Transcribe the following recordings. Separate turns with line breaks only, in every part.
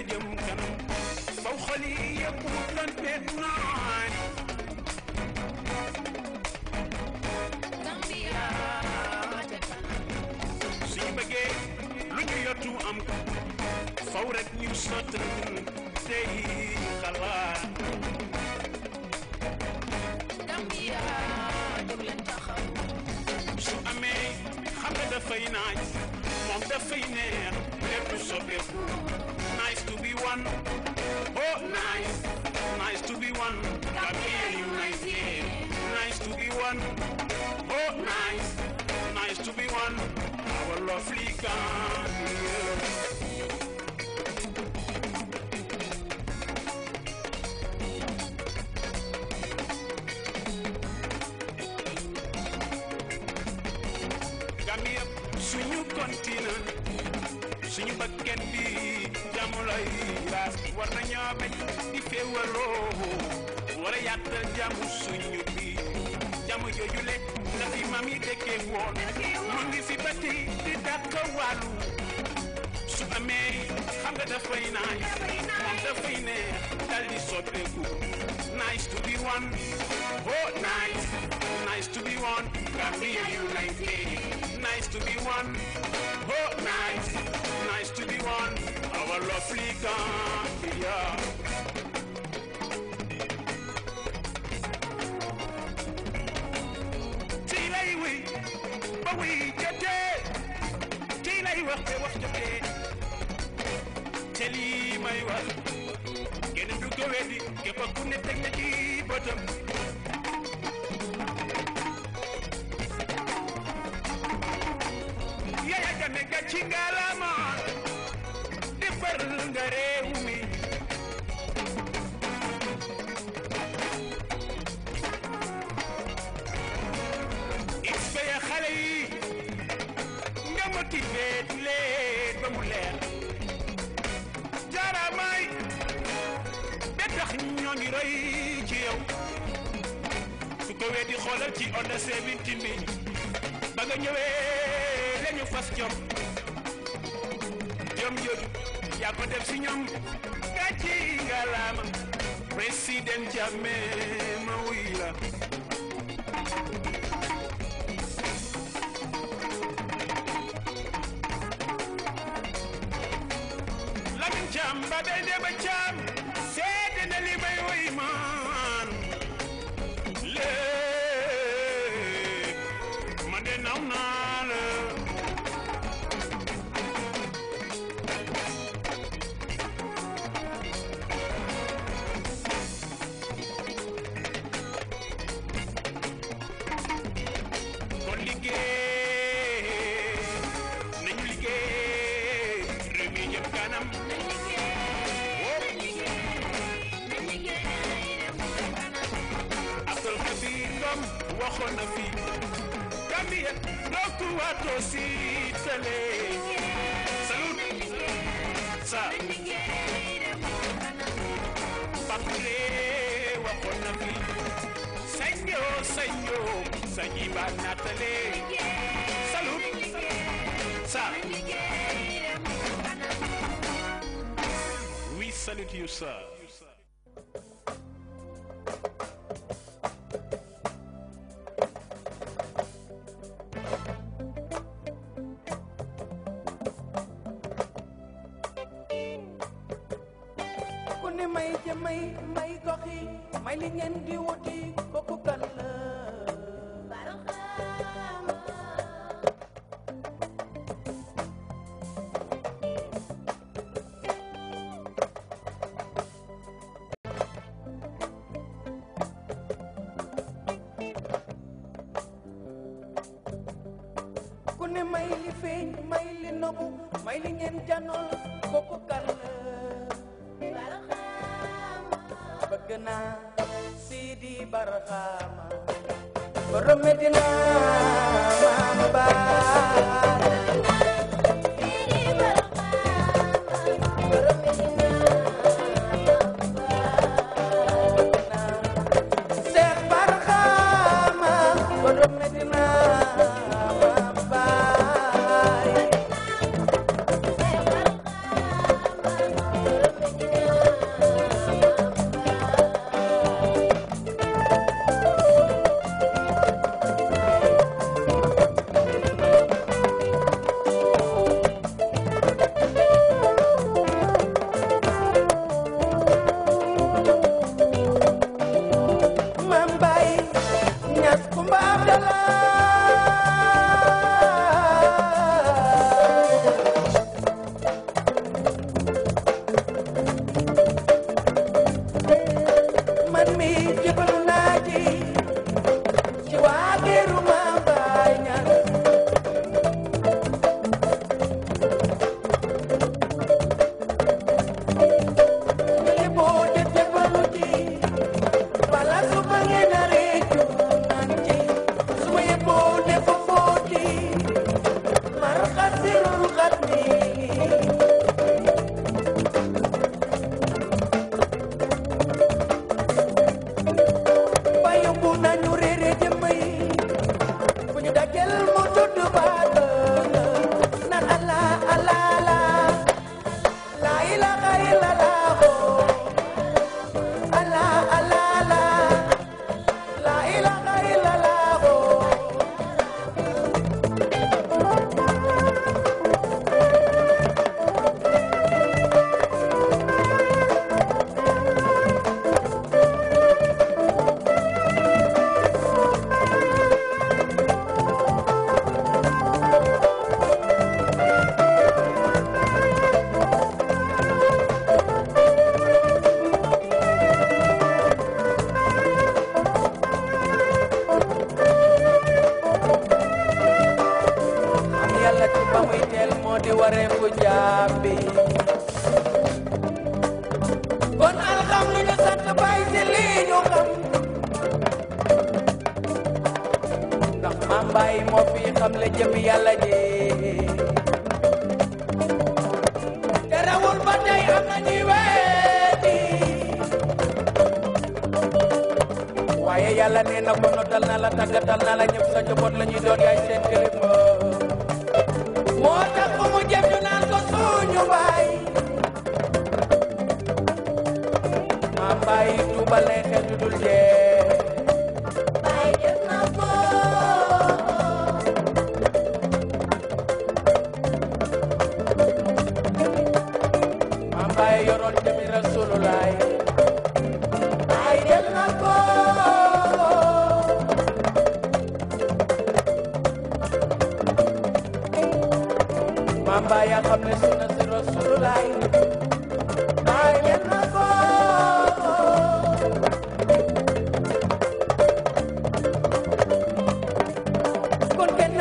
اليوم كم فوق لي يطلق بيتنان سيبقى لجيتو أمك فورتني وسطر تهي خلاص su amee xam nga dafay naaj moom dafay neex lépp sobeeku one. Oh, nice, nice to be one. Come here, you nice here. Nice to be one. Oh, nice, nice to be one. Our lovely Gambia. suñu continent suñu bakken bi jàmm lay laas war nañoo bañ di féewaloo war a yàttal jàmm suñu bi jàmm jooju le la fi maam yi dëkkee woon mu ngi fi ba di dàkk wàllu Kambe dafay nice, moom nice? Tell me something good. Nice to be Oh nice, nice to be one, Gambia United. Nice to be Oh nice, nice to be one, our lovely Gambia. we, but oh, we get it. Tina, you will be may wax kenn du ko weddi képp ku ne teg na ci bëtam Yaya Jammeh gàcci ngalaama defar nga réew mi xale yi nga motivé leen ba mu leer yaramaay tax ñoo ngi roy ci yow su ko wee xoolal ci onda seventeen bi ba nga ñëwee lañu fas jom jom jooju yaa ko def si ñoom gàcci nga laama président Jammeh ma wuy la Samba Bende Bacha Tunakuwa tositale Salud Sa Papule wakona mi Sanyo, sanyo Sanyiba natale Salud Sa We salute you sir may ca may may gox yi may li ngeen đi wuti kooku kan la ku ne may li feeñ may li nobu may li ngeen janool cô cần la bëgg naa Sidi Barxaama borom Medina wareefu jaam bi kon alxamdu sant baay si lii xam ndax maam baay moo fi xam la jëm yàlla ji terewul ba tey am na ñuy waaye yàlla nee na ko notal na la tàggatal ñëpp sa njaboot la ñuy yaay seen kilifa tàmbalee xel ñu dul jeex baay def na ko maam baay yoroon jëmi rasulullaay baay def na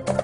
thank you